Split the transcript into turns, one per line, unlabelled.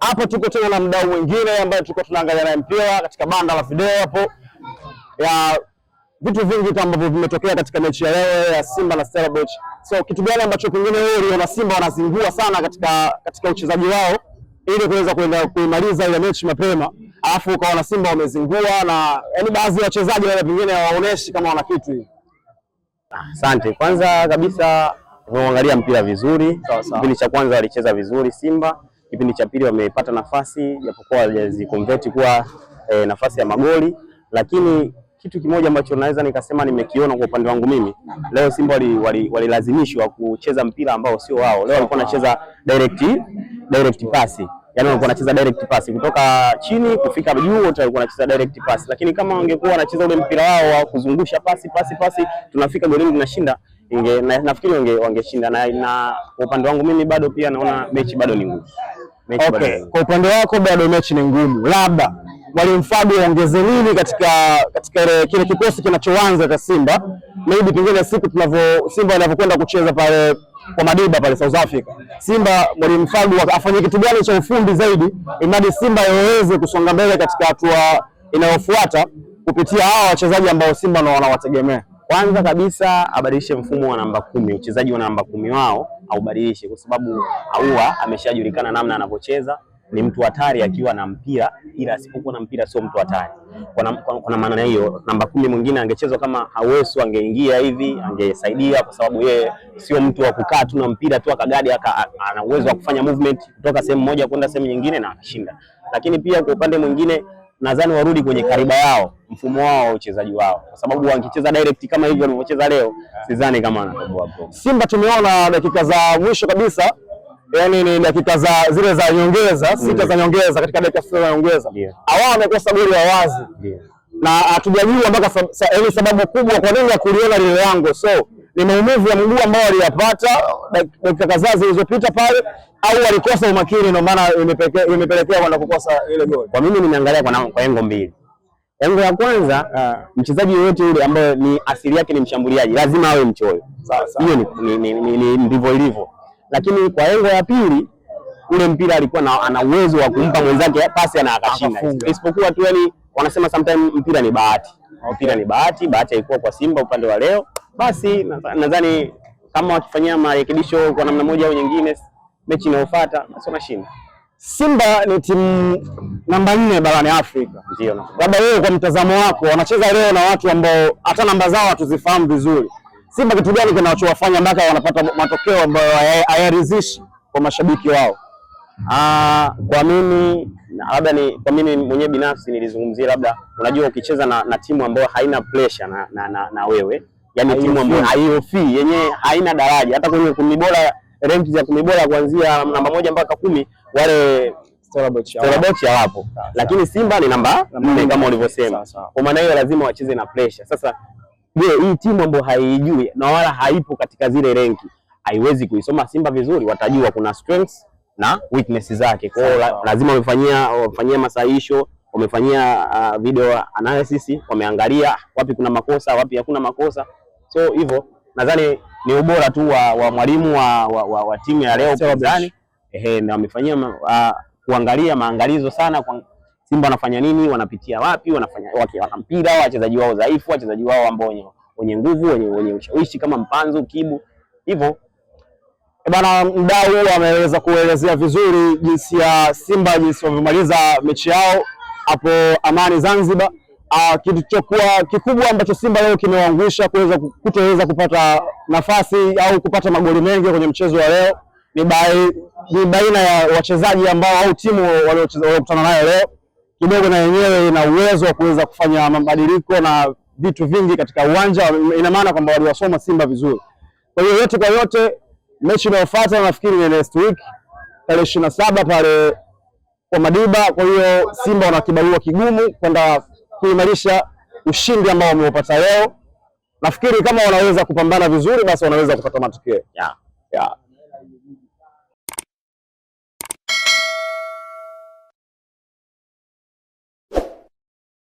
Hapo tuko tena na mdau mwingine ambaye tulikuwa tunaangalia naye mpira katika banda la video hapo ya vitu vingi tu ambavyo vimetokea katika mechi ya leo ya Simba na Stellenbosch. So kitu gani ambacho pengine wewe uliona Simba wanazingua sana katika katika uchezaji wao ili kuweza kuenda kuimaliza ile mechi mapema, alafu ukaona Simba wamezingua na yaani baadhi ya wachezaji wale pengine hawaoneshi kama wana kitu
Asante. Kwanza kabisa tumeangalia mpira vizuri. Kipindi cha kwanza walicheza vizuri Simba kipindi cha pili wamepata nafasi japokuwa hawajazikonvert kuwa e, nafasi ya magoli, lakini kitu kimoja ambacho naweza nikasema nimekiona kwa upande wangu mimi leo, Simba walilazimishwa wali, wali kucheza mpira ambao sio wao. Leo walikuwa wanacheza direct direct pass yaani walikuwa wanacheza direct pass kutoka chini kufika juu, wote walikuwa wanacheza direct pass, Lakini kama wangekuwa wanacheza ule mpira wao wa kuzungusha pasi pasi pasi, tunafika golini tunashinda, inge nafikiri wangeshinda na, na, na, na, na, na, na, na, na, na, na, na, na, na, na, na, na, na, na,
Okay. Kwa upande wako bado mechi ni ngumu, labda mwalimu Fadu aongeze nini katika katika kile kikosi kinachoanza cha Simba, maybe pengine siku tunavyo Simba inavyokwenda kucheza pale kwa Madiba pale South Africa, Simba mwalimu Fadu afanye kitu gani cha ufundi zaidi, imadi Simba iweze kusonga mbele katika hatua inayofuata kupitia hawa wachezaji ambao Simba na wanawategemea.
Kwanza kabisa abadilishe mfumo wa namba kumi, uchezaji wa namba kumi wao aubadilishe, kwa sababu aua ameshajulikana namna anavyocheza. Ni mtu hatari akiwa na mpira, ila asipokuwa na mpira sio mtu hatari. Kwa maana hiyo, namba kumi mwingine angechezwa kama Awesu, angeingia hivi, angesaidia, kwa sababu yeye sio mtu wa kukaa tu na mpira tu akagadi, ana uwezo wa kufanya movement kutoka sehemu moja kwenda sehemu nyingine na akashinda. Lakini pia kwa upande mwingine nadhani warudi kwenye kariba yao, mfumo wao wa uchezaji wao, kwa sababu wangecheza direct kama hivyo walivyocheza leo, sidhani kama anatoboa.
Simba tumeona dakika za mwisho kabisa, yani ni dakika za zile za nyongeza, sita za mm. nyongeza, katika dakika sita za nyongeza awao wamekosa goli ya wazi, na hatujajua mpaka yaani sababu kubwa kwa nini ya kuliona lile lango so ni maumivu ya mguu ambao aliyapata dakika kadhaa zilizopita pale, au alikosa umakini, ndio maana imepelekea kwenda kukosa ile goli.
Kwa mimi nimeangalia kwa kwa engo mbili. Engo ya kwanza uh, mchezaji yoyote yule ambaye ni asili yake ni mshambuliaji lazima awe mchoyo, hiyo ni ndivyo ilivyo. Lakini kwa engo ya pili ule mpira alikuwa na, ana uwezo wa kumpa mwenzake pasi na akashinda, isipokuwa tu yani wanasema sometimes mpira ni bahati. Mpira ni bahati, bahati haikuwa kwa Simba upande wa leo basi nadhani kama wakifanyia marekebisho kwa namna moja au nyingine, mechi inayofuata basi wanashinda.
Simba ni timu namba nne barani Afrika, ndio. Labda wewe kwa mtazamo wako, wanacheza leo na watu ambao hata namba zao hatuzifahamu vizuri. Simba kitu gani kinachowafanya mpaka wanapata matokeo ambayo hayaridhishi kwa mashabiki wao? Aa, ah, kwa mimi labda ni kwa mimi mwenyewe binafsi nilizungumzia, labda unajua ukicheza na, na timu ambayo haina pressure na, na, na, na wewe yani timu ambayo haiofi yenyewe haina daraja hata kwenye kumi bora, renki za kumi bora kuanzia namba moja mpaka kumi wale Stellenbosch hawapo, lakini Simba ni namba nne kama ulivyosema. Kwa maana hiyo lazima wacheze na pressure. Sasa je, hii timu ambayo haijui na wala haipo katika zile renki haiwezi kuisoma Simba vizuri, watajua kuna strengths na weakness zake. Kwa hiyo lazima wamefanyia wamefanyia masahisho, wamefanyia uh, video analysis, wameangalia wapi kuna makosa, wapi hakuna makosa so hivyo nadhani ni ubora tu wa, wa mwalimu wa, wa, wa, wa timu ya leo pinzani. Ehe, na wamefanyia uh, kuangalia maangalizo sana kwa Simba wanafanya nini, wanapitia wapi, wanafanya wana mpira, wachezaji wao dhaifu, wachezaji wao ambao wenye wenye nguvu, wenye wenye ushawishi kama Mpanzu, Kibu. Hivyo e bana, mdau ameweza kuelezea vizuri jinsi ya Simba jinsi wamemaliza mechi yao hapo Amani Zanzibar. Ah, kilichokuwa kikubwa ambacho Simba leo kimewaangusha kuweza kutoweza kupata nafasi au kupata magoli mengi kwenye mchezo wa leo ni bai, ni baina ya wachezaji ambao au timu waliokutana nayo leo kidogo na yenyewe ina uwezo wa kuweza kufanya mabadiliko na vitu vingi katika uwanja. Ina maana kwamba waliwasoma Simba vizuri. Kwa hiyo yote kwa yote, mechi inayofuata nafikiri ni next week tarehe ishirini na saba pale kwa Madiba. Kwa hiyo Simba wana kibarua kigumu kwenda kuimarisha ushindi ambao wameupata leo. Nafikiri kama wanaweza kupambana vizuri, basi wanaweza kupata matokeo yeah. yeah.